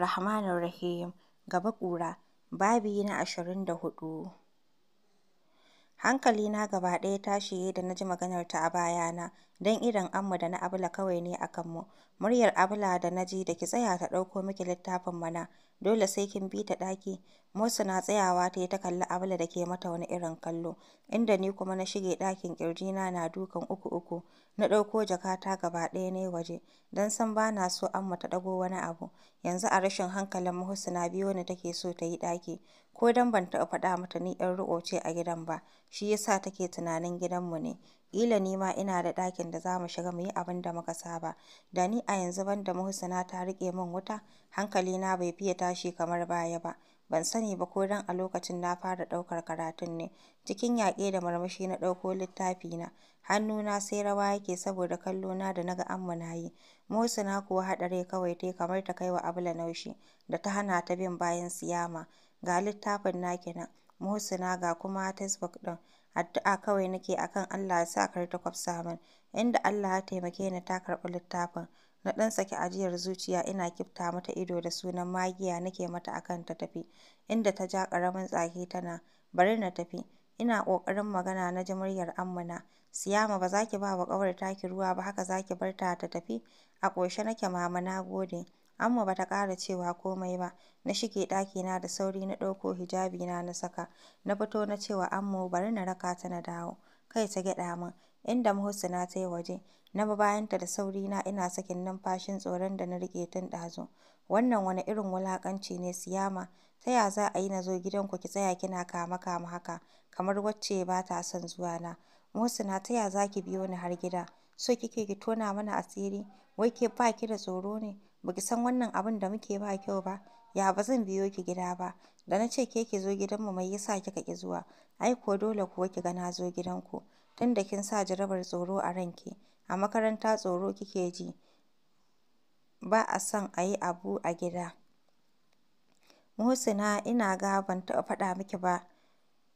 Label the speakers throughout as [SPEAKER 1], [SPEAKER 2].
[SPEAKER 1] rahmanir rahim, Gaba ƙura, babi na 24. Hankali na gaba ɗaya ta yayi da na naji ta a bayana, don irin Amma da na Abula kawai ne a kanmu. Muryar Abula da na ji da ki tsaya ta ɗauko miki littafin mana, dole sai kin bi ta ɗaki. na tsayawa tayi ta kalli Abula da ke mata wani irin kallo, inda ni kuma na shige ɗakin ƙirji na na dukan uku-uku, na ɗauko jaka ta gaba ɗaya ne waje, don san bana so Amma ta ɗago wani abu. Yanzu a rashin hankalin Husna biyo ni take so tayi ɗaki. ko dan ban taɓa faɗa mata ni 'yar riƙo ce a gidan ba, shi ya sa take tunanin gidanmu ne. Ƙila ni ma ina da ɗakin da za mu shiga mu yi abin da muka saba. Da ni a yanzu ban da Muhsina ta riƙe min wuta, hankali na bai fiye tashi kamar baya ba. Ban sani ba ko dan a lokacin na fara ɗaukar karatun ne. Cikin yaƙe da murmushi na ɗauko littafi littafina. Hannuna sai rawa yake saboda kallona da na ga Amma na yi. Muhsina kuwa haɗa rai kawai tai kamar ta kai wa Abla naushi da ta hana ta bin bayan Siyama. ga littafin naki na. Mosina ga kuma Tesbuk din. addu'a kawai nake akan Allah ya sa kar ta kwafsa min inda Allah ya taimake ni ta karbi littafin na ɗan saki ajiyar zuciya ina kifta mata ido da sunan magiya nake mata akan ta tafi inda ta ja karamin tsaki tana bari na tafi ina ƙoƙarin magana na ji ammana siyama ba za ki ba wa ƙawar taki ruwa ba haka za ki bar ta ta tafi a ƙoshe nake mama na gode Amma ba ta ƙara cewa komai ba, na shige na da sauri na ɗauko hijabi na na saka, na fito na cewa amma Ammo bari na raka ta na dawo, kai ta gyaɗa min, inda Muhsina ta yi waje, na bi bayanta da sauri na ina sakin numfashin tsoron da na rike tun ɗazu. Wannan wani irin wulaƙanci ne Siyama, ta ya za a yi na zo gidanku ki tsaya kina kama kama haka, kamar wacce ba ta son na Muhsina ta ya za ki biyo ni har gida, so kike ki tona mana asiri, wai ke ba ki da tsoro ne? baki san wannan abin da muke ba kyau ba, ya ba zan biyo ki gida ba, da na ce ke ki zo gidanmu mai yasa kika ki zuwa, ai ko dole kuwa ki ga na zo gidanku, tunda kin sa jarabar tsoro a ranki, a makaranta tsoro kike ji, ba a san a yi abu a gida. Muhsina ina ga ban taɓa faɗa miki ba,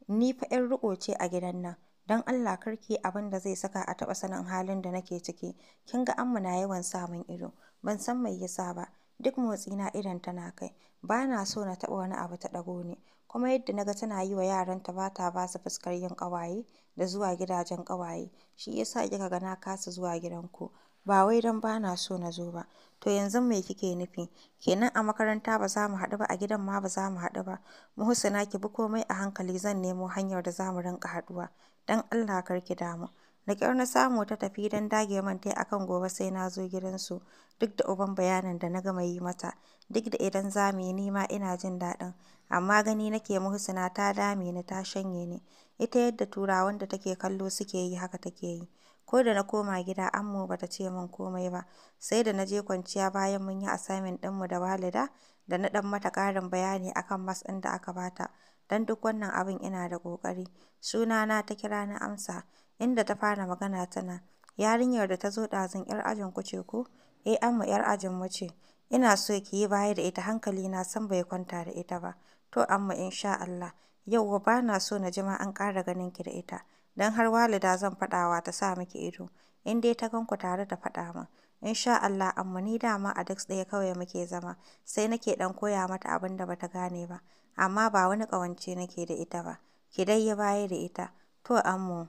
[SPEAKER 1] ni fa 'yan riƙo ce a gidan nan. don Allah karki abin da zai saka a taɓa sanin halin da nake ciki kin ga amma na yawan samun ido Ban san mai yasa ba, duk motsi na idon tana kai, ba na so na taɓa wani abu ta ɗago ne kuma yadda na ga tana yi wa yaranta ba ta ba su fuskar yin ƙawaye da zuwa gidajen ƙawaye, shi ya sa kika ga na kasa zuwa gidanku, ba wai don ba na so na zo ba. To yanzu me kike nufi? kenan a makaranta ba za mu haɗu ba, a gidan ma ba za mu haɗu ba? mu husuna ki bi komai a hankali zan nemo hanyar da za mu rinka haɗuwa, dan Allah kar ki damu. Da kyar na samu ta tafi don dage man ta akan a kan gobe sai na zo gidansu, duk da uban bayanin da na gama yi mata, duk da idan za mu yi nima ina jin daɗin, amma gani nake Muhsina ta dame ni ta shanye ni, ita yadda Turawan da take kallo suke yi haka take yi. Ko da na koma gida Ammo ba ta ce min komai ba, sai da na je kwanciya bayan mun yi assignment mu da Walida da na dan mata karin bayani akan mas ɗin da aka bata, don duk wannan abin ina da kokari suna na ta kira na amsa. inda ta fara magana tana, "Yarinyar da ta zo ɗazun 'yar ku ce ko?" "Eh, Amma 'yar ajinmu ce. Ina so ki yi baya da ita hankali na san bai kwanta da ita ba. To Amma in sha Allah, yauwa ba na so na ji an ƙara ganin ki da ita, don har walida zan faɗawa ta sa miki ido, in dai ta gan tare ta faɗa min. In sha Allah Amma ni dama a duk ɗaya kawai muke zama, sai nake ɗan koya mata abin da bata gane ba, amma ba wani ƙawance nake da ita ba, ki dai yi baya da ita. To Ammo."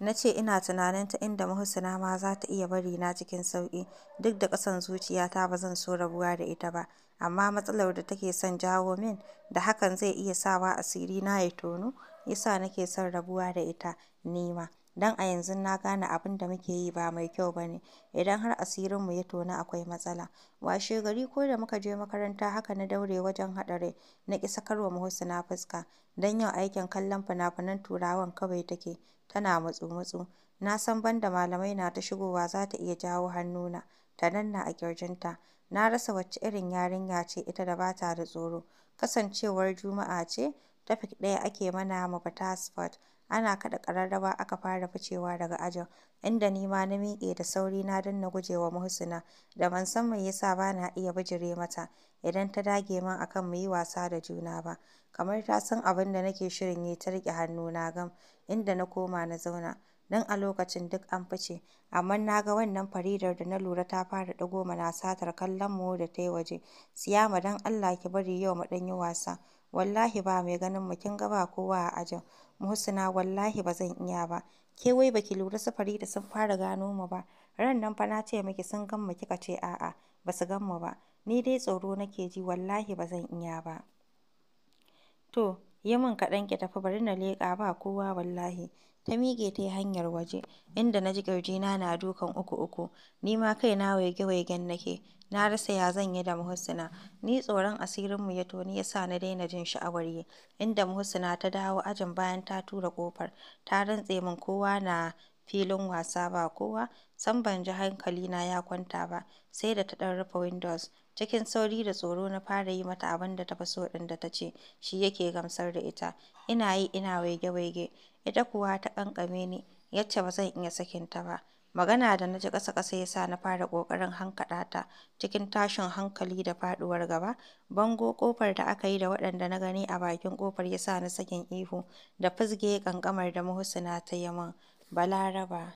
[SPEAKER 1] Na ce ina tunanin ta inda Mahusuna ma za ta iya bari na cikin sauƙi, duk da ƙasan zuciyata ba zan so rabuwa da ita ba, amma matsalar da take son jawo min da hakan zai iya sawa asiri na ya tonu, yasa nake son rabuwa da ita nima. dan a yanzu na gane abin da muke yi ba mai kyau ba ne, idan har asirin mu ya tona akwai matsala. washe gari ko da muka je makaranta haka na daure wajen haɗa rai, na ƙi sakarwa Mahusuna fuska, don yau aikin kallon fina-finan Turawan kawai take. tana matsu-matsu, na san banda malamai na ta shigowa za ta iya jawo hannuna, ta danna a ƙirjinta. Na rasa wacce irin yarinya ce ita da bata da tsoro. Kasancewar Juma'a ce, Tafik ɗaya ake mana mu fita asfot. Ana kaɗa kararraba aka fara ficewa daga ajin, inda ni ma na miƙe da sauri na danna gujewa Muhsina, da ban san me yasa ba na iya bijire mata, idan ta dage min akan mu yi wasa da juna ba. Kamar ta san abin da nake shirin yi ta riƙe hannuna gam. inda na koma na zauna. Don a lokacin duk an fice, amma na ga wannan Faridar da na lura ta fara ɗago mana satar kallon mu da ta yi waje. Siyama don Allah ki bari yau mu ɗan yi wasa. Wallahi ba mai ganin mu kin ga ba kowa a ajin. Muhsina wallahi ba zan iya ba. Ke wai baki lura su Farida sun fara gano mu ba. Ran nan fa na ce miki sun gan mu kika ce a'a ba su gan mu ba. Ni dai tsoro nake ji wallahi ba zan iya ba. To Yi min kaɗan ki tafi bari na leƙa ba kowa wallahi. Ta miƙe ta yi hanyar waje, inda na ji ƙirjina na dukan uku-uku, ni ma na waige-waigen nake, na rasa ya zan yi da muhusina ni tsoron asirin mu ya toni ya sa na daina jin sha'awar yi, inda muhusina ta dawo ajin bayan ta tura kofar ta rantse min kowa na filin wasa ba kowa, sam ban ji na ya kwanta ba sai da ta ɗan rufe Windows. Cikin sauri da tsoro na fara yi mata abin da ta fi so ɗin da ta ce shi yake gamsar da ita. Ina yi ina waige-waige, ita kuwa ta ƙanƙame ni yacce ba zan iya sakin ta ba. Magana da na ji ƙasa-ƙasa ya sa na fara ƙoƙarin hankaɗa ta cikin tashin hankali da faɗuwar gaba. Bango ƙofar da aka yi da waɗanda na gani a bakin ƙofar ya sa ni sakin ihu da fizge ƙanƙamar da Muhsina ta yi min. Balaraba.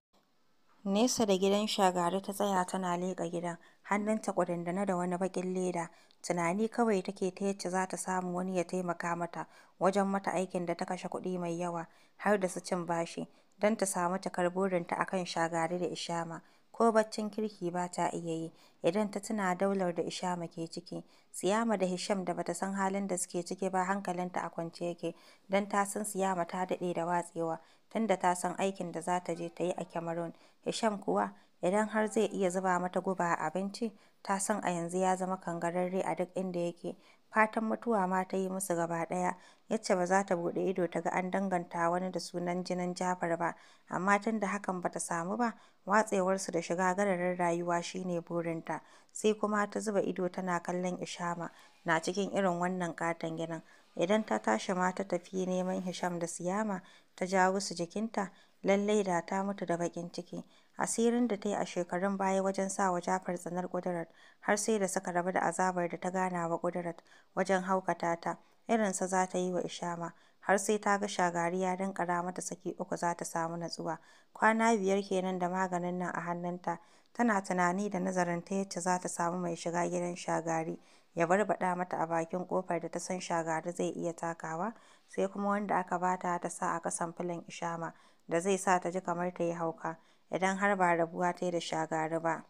[SPEAKER 1] Nesa da gidan Shagari ta tsaya tana leƙa gidan, hannunta ƙudundune da wani baƙin leda, tunani kawai take ta yacce za ta samu wani ya taimaka mata wajen mata aikin da ta kashe kuɗi mai yawa, har da su cin bashi, don ta samu cikar burinta a kan Shagari da Ishama, ko baccin kirki ba ta iya yi, idan ta tuna daular da Ishama ke ciki. Siyama da Hisham da bata san halin da suke ciki ba hankalinta a kwance yake, don ta san Siyama ta daɗe da watsewa, tunda ta san aikin da za ta je ta yi a Cameroon. Hisham kuwa, idan har zai iya zuba mata guba a abinci, ta san a yanzu ya zama kangararre a duk inda yake. Fatan mutuwa ma ta yi musu gaba ɗaya, yace ba za ta buɗe ido ta ga an danganta wani da sunan jinin Jafar ba, amma tunda hakan bata samu ba, watsewarsu da shiga gararin rayuwa shine burinta. Sai kuma ta zuba ido tana kallon Ishama na cikin irin wannan ƙaton gidan. Idan ta tashi ma ta tafi neman Hisham da Siyama, ta jawo su jikinta, lallai da ta mutu da bakin ciki. Asirin da ta yi a shekarun baya wajen sa wa Jafar tsanar Kudirat, har sai da suka rabu da azabar da ta gana wa kudurat wajen haukata ta, irinsa za ta yi wa Ishama, har sai ta ga Shagari ya danƙara mata saki uku za ta samu natsuwa. Kwana biyar kenan da maganin nan a hannunta, tana tunani da nazarin ta yacce za ta samu mai shiga gidan Shagari, ya barbaɗa mata a bakin ƙofar da ta san Shagari zai iya takawa, sai kuma wanda aka ba ta ta sa a ƙasan filin Ishama da zai sa ta ji kamar ta yi hauka, idan har ba rabuwa ta yi da Shagari ba.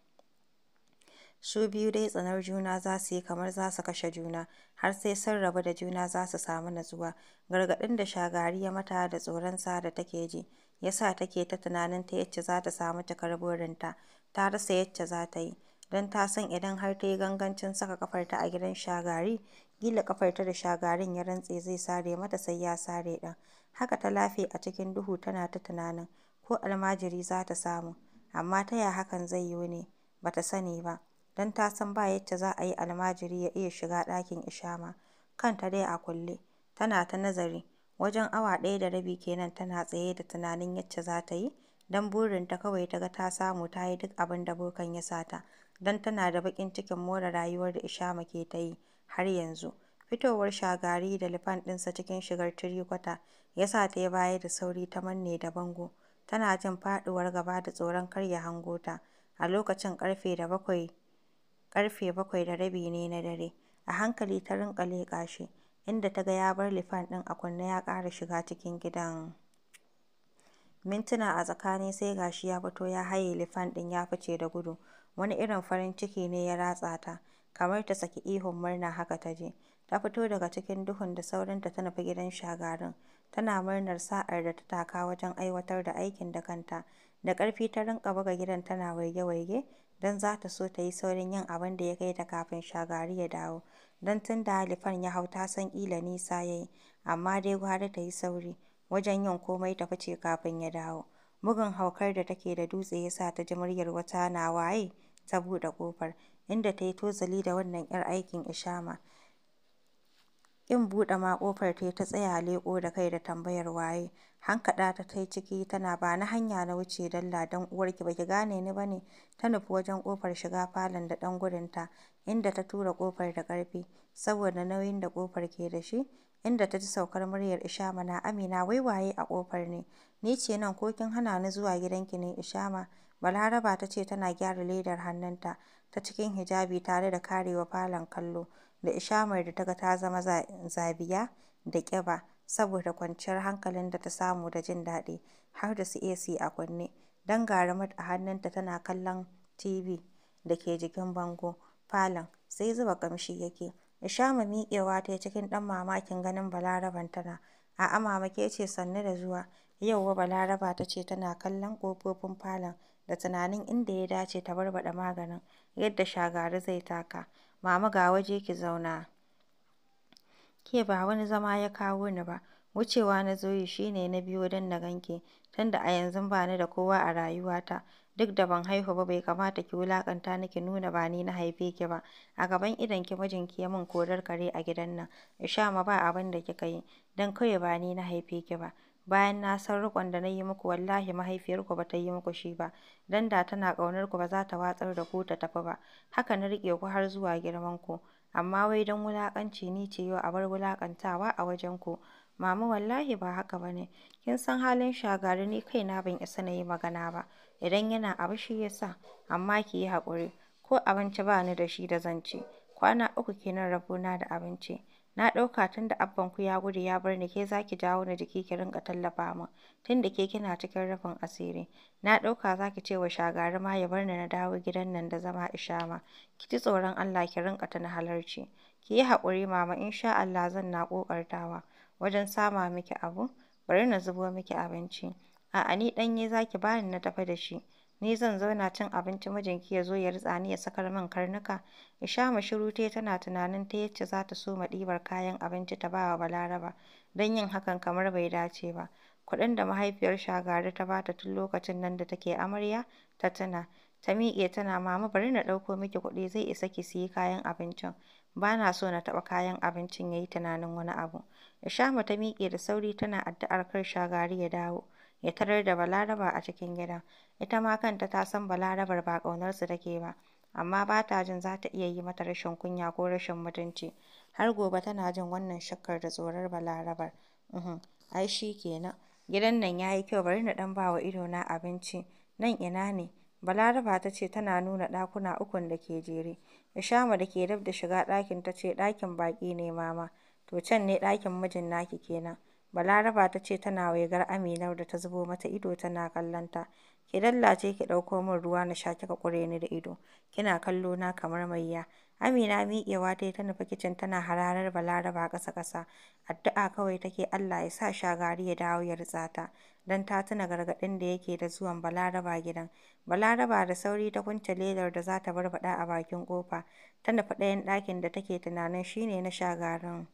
[SPEAKER 1] Su biyu dai tsanar juna za su yi kamar za su kashe juna, har sai sun rabu da juna za su samu natsuwa. Gargaɗin da Shagari ya mata da tsoron sa da take ji, ya sa take ta tunanin ta yacce za ta samu cikar burinta, ta rasa yacce za ta yi. don ta san idan har ta yi gangancin saka kafarta a gidan Shagari, Ƙila ta da shagarin ya rantse zai sare mata sai ya sare ɗan. Haka ta lafe a cikin duhu tana ta tunanin ko almajiri za ta samu, amma ta ya hakan zai yiwu ne, ba ta sani ba, don ta san ba yadda za a yi almajiri ya iya shiga ɗakin Ishama, kanta dai a kulle, tana ta nazari, wajen awa ɗaya da rabi kenan tana tsaye da tunanin yadda za ta yi, don ta kawai ta ga ta samu ta yi duk abin da bokan ya sata, dan don tana da baƙin cikin more rayuwar da Ishama ke ta yi. har yanzu, fitowar shagari da lifan ɗinsa cikin shigar tirikota ya sa ta yi baya da sauri ta manne da bango, tana jin faɗuwar gaba da tsoron karya hangota hango ta, a lokacin ƙarfe rabi ne na dare, a hankali ta rinƙa leƙa shi, inda ta ga ya bar lifan ɗin a kunne ya ƙara shiga cikin gidan. Mintuna a tsakani sai gashi ya fito ya haye lifan ɗin ya fice da gudu, wani irin farin ciki ne ya ratsa ta, Kamar ta saki ihun murna haka ta je ta fito daga cikin duhun da saurin ta nufi gidan Shagarin, tana murnar sa'ar da ta taka wajen aiwatar da aikin da kanta. Da karfi ta rinƙa buga gidan tana waige-waige dan za ta so ta yi saurin yin abin da ya kai ta kafin Shagari ya dawo, dan tun da Halifan ya hau ta san ƙila nisa ya yi, amma dai gwara ta yi sauri wajen yin komai ta fice kafin ya dawo. Bugun haukar da take da dutse ya sa ta ji muryar wata na waye ta buɗe ƙofar. inda ta yi tozali da wannan 'yar aikin Ishama, ƙin buɗe ma ƙofar ta yi ta tsaya leƙo da kai da tambayar waye, hankaɗa ta ta yi ciki tana ba “bani hanya na wuce dalla don uwarki ba ki gane ni ba ne,” ta nufi wajen ƙofar shiga falon da ɗan ta inda ta tura ƙofar da ƙarfi, saboda nauyin da ƙofar ke da shi, inda ta ji saukar muryar Ishama na “Amina wai waye a ƙofar ne?” “Ni ce nan ko kin hana ni zuwa gidanki ne Ishama?” Balaraba ta ce tana gyara ledar hannunta ta cikin hijabi tare da karewa falon kallo da ishamar da ta ga ta zama zabiya da ƙiba saboda kwanciyar hankalin da ta samu da jin daɗi, har da su AC a kunne, don gara a hannunta tana kallon TV da ke jikin bango falon, sai zuba ƙamshi yake. Ishama miƙewa ta yi cikin ɗan mamakin ganin balaraban tana, a amma make ce sannu da zuwa, Yauwa Balaraba ta ce tana kallon ƙofofin falon da tunanin inda ya dace ta barbada maganin, yadda shagari zai taka, Mama ga waje ki zauna. Ke ba wani zama ya kawo ni ba, wucewa na zoyi shine shi ne na biyo don na ganki tunda a yanzu ba ni da kowa a rayuwata, duk da ban haihu ba bai kamata ki wulakanta ni ki nuna ba ni na haife ki ba, a gaban mijin mijinki ya min korar kare a gidan nan, Ishama ba abin da kika yi, don kawai ba ni na haife ki ba. bayan na san riƙon da na yi muku wallahi mahaifiyarku ba ta yi muku shi ba, Danda da tana ƙaunarku ba za ta watsar da ku ta tafi ba, haka na riƙe ku har zuwa girmanku, amma wai dan wulaƙanci ni ce yau a bar wulaƙantawa a wajen ku. Mama wallahi ba haka ba ne, kin san halin shagari ni kaina ban isa na yi magana ba, idan yana abu shi ya sa, amma ki yi haƙuri, ko abinci ba ni da shi da zan ci, kwana uku kenan rabona da abinci. Na ɗauka tunda ku ya gudu ya bar ni ke zaki dawo jawo ni jiki ki rinka tallafa min, tunda ke kina cikin rufin asiri. Na ɗauka zaki ce wa Shagari ma ya barni na dawo gidan nan da zama Ishama. Ki ji tsoron Allah ki rinƙa tana halarci. Ki yi haƙuri Mama in sha Allah zan na ƙoƙartawa wajen sama miki abu, bari na zubo miki abinci. A'a ni ɗanye zaki bani na tafi da shi. Ni zan zauna cin abinci mijinki ya zo ya ritsa ni ya sakar min karnuka? Ishama shiru ta tana tunanin ta yacce za ta soma ɗibar kayan abinci ta ba wa Balaraba, don yin hakan kamar bai dace ba. Kuɗin da mahaifiyar Shagari ta ba ta tun lokacin nan da take amarya, ta tuna. Ta miƙe tana, Mama bari na ɗauko miki kuɗi zai isa ki siyi kayan abincin. Ba na so na taɓa kayan abincin ya yi tunanin wani abu. Ishama ta miƙe da sauri tana addu'ar kar Shagari ya dawo. ya tarar da Balaraba a cikin gidan. Ita ma kanta ta san Balarabar ba kaunar su take ba, amma ba ta jin za ta iya yi mata rashin kunya ko rashin mutunci. Har gobe tana jin wannan shakkar da tsorar Balarabar. uhm ai shi kenan. Gidan nan yayi kyau, bari na ɗan bawa ido na abinci. Nan ina ne? Balaraba ta ce tana nuna ɗakuna ukun da ke jere. Ishama da ke dab da shiga ɗakin ta ce ɗakin baƙi ne mama. To can ne ɗakin mijin naki kenan. Balaraba ta ce tana waigar Aminau da ta zubo mata ido tana kallonta, ki dallace ki ɗauko min ruwa na sha kika ƙure ni da ido, kina kallo na kamar mayya. Amina miƙewa ta yi ta nufi kicin tana hararar Balaraba ƙasa-ƙasa, addu'a kawai take Allah ya sa shagari ya dawo ya ritsa ta, don ta tuna gargaɗin da yake da zuwan Balaraba gidan. Balaraba da sauri ta kunce ledar da za ta barbaɗa a bakin ƙofa, ta nufi ɗayan ɗakin da take tunanin shine na na shagarin.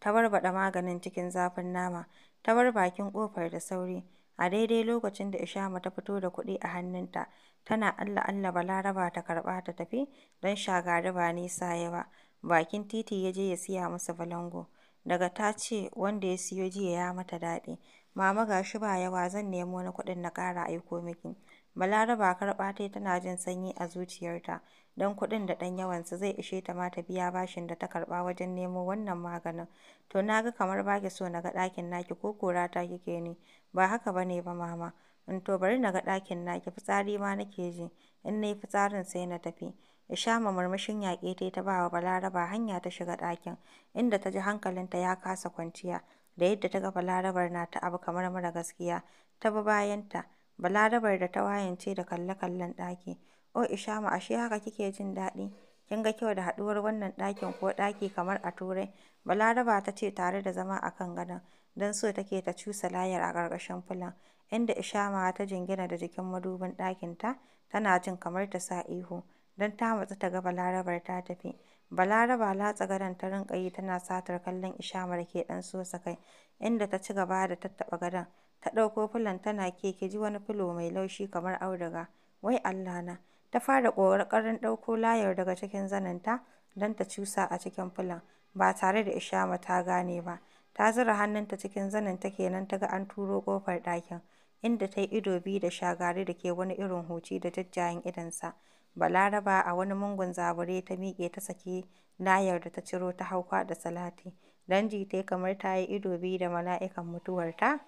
[SPEAKER 1] ta barbaɗa maganin cikin zafin nama, ta bar bakin ƙofar da sauri, a daidai lokacin da Ishama ta fito da kuɗi a hannunta, tana Allah-Allah Balaraba ta karɓa ta tafi, don Shagari ba nisa ya ba, bakin titi ya je ya siya masa balango, daga ta ce wanda ya siyo jiya ya mata daɗi, mama ga shi ba yawa zan nemo na kuɗin na ƙara aiko miki, Balaraba karɓa ta tana jin sanyi a zuciyarta. don kuɗin da ɗan yawansu zai ishe ta ma ta biya bashin da ta karɓa wajen nemo wannan maganin. To na ga kamar ba ki so na ga ɗakin naki ko kora ta kike ni. ba haka ba ne ba mama. In to bari na ga ɗakin naki, fitsari ma nake ji, in nayi fitsarin sai na tafi. Ishama murmushin yaƙe ta ta ba wa Balaraba hanya ta shiga ɗakin, inda ta ji hankalinta ya kasa kwanciya da yadda ta ga Balarabar na ta abu kamar mara gaskiya, ta bi bayanta. Balarabar da ta wayance da kalle-kallen ɗaki, Oh Ishama ashe haka kike jin daɗi, kin ga kyau da haɗuwar wannan ɗakin ko ɗaki kamar a Turai, Balaraba ta ce tare da zama a kan gadon, don so take ta cusa layar a ƙarƙashin fulan, inda Ishama ta jingina da jikin madubin ta tana jin kamar ta sa ihu, don ta matsi ta ga Balarabar ta tafi. Balaraba latsa gadon ta rinƙa yi tana satar kallon ishamar ke ɗan sosa kai, inda ta ci gaba da tattaɓa gadon, ta ɗauko fulan tana ke ki ji wani filo mai laushi kamar auduga, wai Allah na! Ta fara ƙoƙarin ɗauko layar daga cikin zaninta don ta cusa a cikin filin ba tare da Ishama ta gane ba, ta zura hannunta cikin zaninta kenan ta ga an turo ƙofar ɗakin, inda ta yi ido biyu da Shagari da ke wani irin huci da jajjayen idonsa. Balaraba a wani mungun zabure ta miƙe ta saki layar da ta ciro ta hau da salati, don ji ta yi kamar ta yi ido biyu da mala'ikan mutuwarta,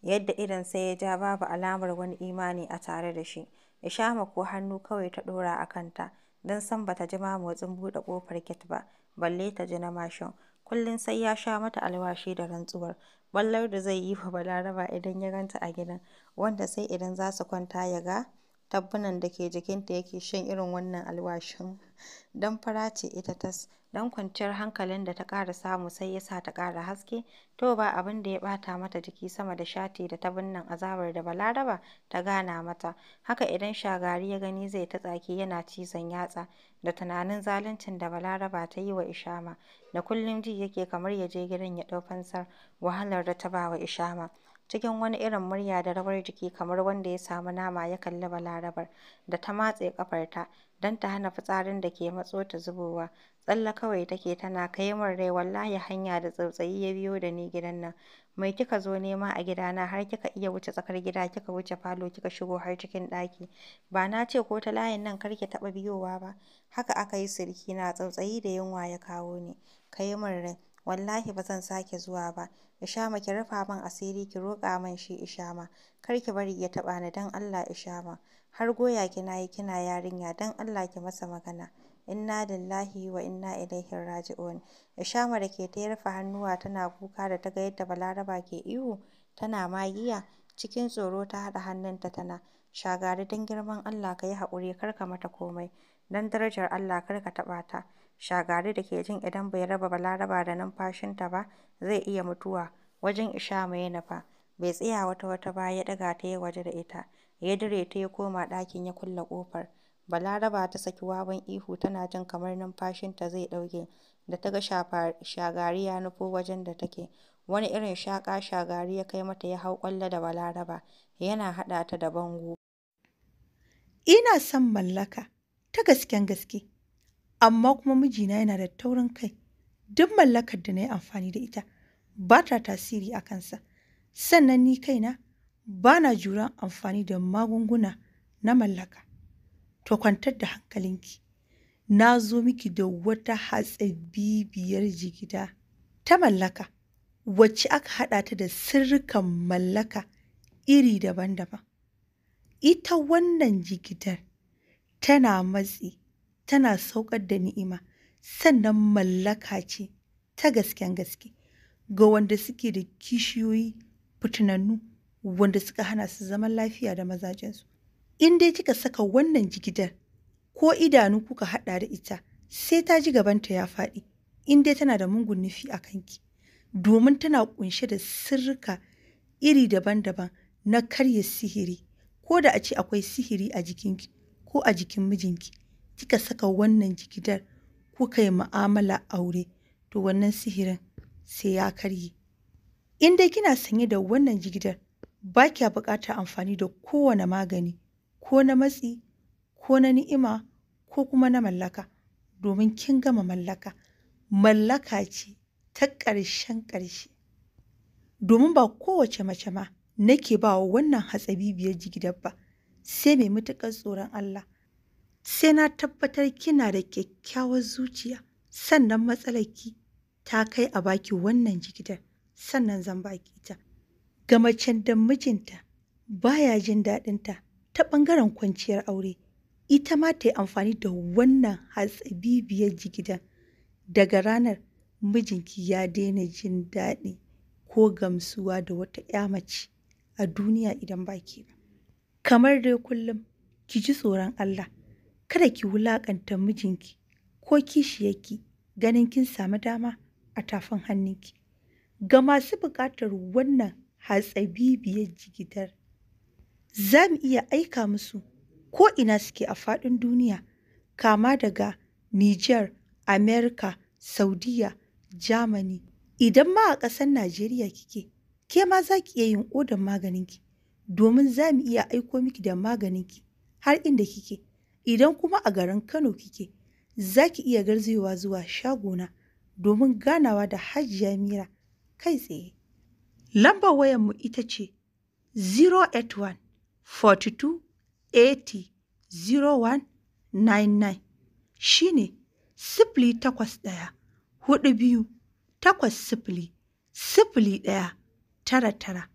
[SPEAKER 1] yadda idon sai ya ja babu alamar wani imani a tare da shi. Ishama ko hannu kawai ta ɗora a kanta, don san ba ta ji ma motsin buɗe ƙofar get ba, balle ta ji na mashin. Kullum sai ya sha mata alwashi da rantsuwar, Ballar da zai yi fa Balaraba idan ya ganta a gidan, wanda sai idan za su kwanta ya ga tabbunan da ke jikinta yake shan irin wannan alwashin. Don fara ce ita tas, don kwanciyar hankalin da ta ƙara samu sai ya sa ta ƙara haske, to ba abin da ya ɓata mata jiki sama da shati da tabunnan azabar da Balaraba ta gana mata. Haka idan shagari ya gani zai ta tsaki yana cizon yatsa, da tunanin zaluncin da Balaraba ta yi wa Ishama, da kullum ji yake kamar ya je gidan ya ɗau fansar wahalar da ta ba wa Ishama. cikin wani irin murya da rawar jiki kamar wanda ya samu nama ya kalli Balarabar da ta matse ƙafarta don ta hana fitsarin da ke matso ta zubowa. Tsalla kawai take tana kai min rai wallahi hanya da tsautsayi ya biyo da ni gidan nan. Mai kika zo nema a gidana har kika iya wuce tsakar gida kika wuce falo kika shigo har cikin ɗaki. Ba na ce ko ta layin nan kar ki taɓa biyowa ba. Haka aka yi sirki na tsautsayi da yunwa ya kawo ni. Kai min rai wallahi ba zan sake zuwa ba. Ishama ki rufa min asiri ki roƙa min shi Ishama, kar ki bari ya taɓa ni dan Allah Ishama, har goya ki nayi kina yarinya dan Allah ki masa magana, inna lillahi wa inna ilaihi raji'un. Ishama da ke ta hannuwa tana kuka da ta ga yadda Balaraba ke ihu tana magiya, cikin tsoro ta hada hannunta tana, Shagari dan girman Allah ka yi haƙuri kar ka mata komai, dan darajar Allah kar ka taɓa ta. Shagari da ke jin idan bai raba Balaraba da numfashinta ba zai iya mutuwa, wajen isha ya nufa, bai tsaya wata-wata ba ya ɗaga ta ya waje da ita, ya dire ta ya koma ɗakin ya kulle ƙofar. Balaraba ta saki wawan ihu tana jin kamar numfashinta zai ɗauke da ta ga Shagari ya nufo wajen da take. Wani irin shaƙa Shagari ya kai mata ya hau ƙwallo da Balaraba, yana haɗa
[SPEAKER 2] ta da bango. Ina son mallaka, ta gasken gaske. amma kuma mijina yana da taurin kai. Duk mallakar da na yi amfani da ita ba ta tasiri a kansa. Sannan ni kaina ba na juran amfani da magunguna na mallaka. To kwantar da hankalinki, na zo miki da wata bibiyar jigida ta mallaka wacce aka haɗa ta da sirrikan mallaka iri daban-daban. Ita wannan jigidar tana matsi tana saukar da ni'ima sannan mallaka ce ta gasken gaske ga wanda suke da kishiyoyi fitinannu wanda suka hana su zaman lafiya da mazajensu in dai kika saka wannan jigidar ko idanu kuka haɗa da ita sai ta ji gabanta ya faɗi in dai tana da mungun nufi a kanki domin tana kunshe da sirrika iri daban-daban na karya sihiri ko da a ce akwai sihiri a jikinki ko a jikin mijinki kika saka wannan jigidar kuka yi mu'amala aure to wannan sihirin sai ya karye in dai kina sanye da wannan jigidar ba kya buƙatar amfani da kowane magani ko na matsi ko na ni'ima ko kuma na mallaka domin kin gama mallaka mallaka ce ta ƙarshen ƙarshe domin ba kowace mace ma nake ba wa wannan hatsabibiyar jigidar ba sai mai matuƙar tsoron Allah sai na tabbatar kina da kyakkyawar zuciya sannan matsalarki ta kai a baki wannan jigidar sannan zan baki ta ga macen da mijinta baya jin daɗinta ta ɓangaren kwanciyar aure ita ma ta yi amfani da wannan hatsabibiyar jigidan daga ranar mijinki ya daina jin daɗi ko gamsuwa da wata ya mace a duniya idan baki ba kamar dai kullum ki ji tsoron Allah Kada ki wulaƙanta mijinki ko kishiyarki ganin kin samu dama a tafin hannunki. Ga masu buƙatar wannan hatsabibiyar jigitar, za mu iya aika musu ko ina suke a faɗin duniya, kama daga Nijar, Amerika, Saudiya, Germany. Idan ma a ƙasar Najeriya kike, ke ma za ki iya yin odar maganinki, domin za mu iya aiko miki da maganinki har inda kike. Idan kuma a garin Kano kike, za ki iya garzewa zuwa shagona domin ganawa da Hajiya Mira kai tsaye. Lambar wayarmu ita ce 081 42 80 0199 shi ne sifili takwas ɗaya hudu biyu takwas sifili sifili ɗaya tara tara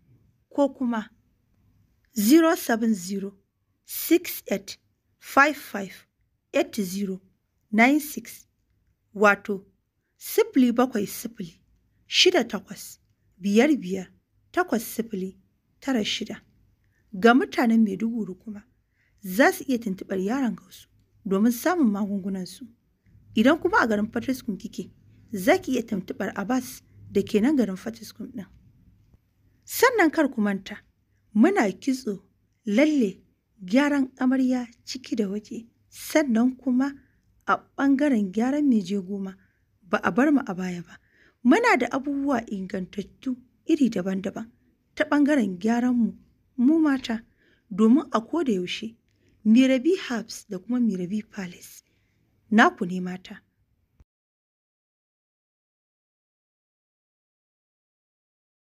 [SPEAKER 2] ko kuma 070 68 558096 wato, sifili bakwai sifili shida takwas biyar biyar takwas sifili tara shida. Ga mutanen Maiduguri kuma, za su iya tuntuɓar Yaron Gausu domin samun magungunansu. Idan kuma a garin Fataskum kike, za ki iya tuntuɓar Abbas da ke nan garin Fataskum ɗin. Sannan kar ku manta, muna kitso, lalle, gyaran amarya ciki da waje sannan kuma a ɓangaren gyaran meje goma ba a bar mu a baya ba muna da abubuwa ingantattu iri daban-daban ta ɓangaren gyaranmu mu mata domin a koda yaushe mirabi herbs da kuma mirabi palace naku ne mata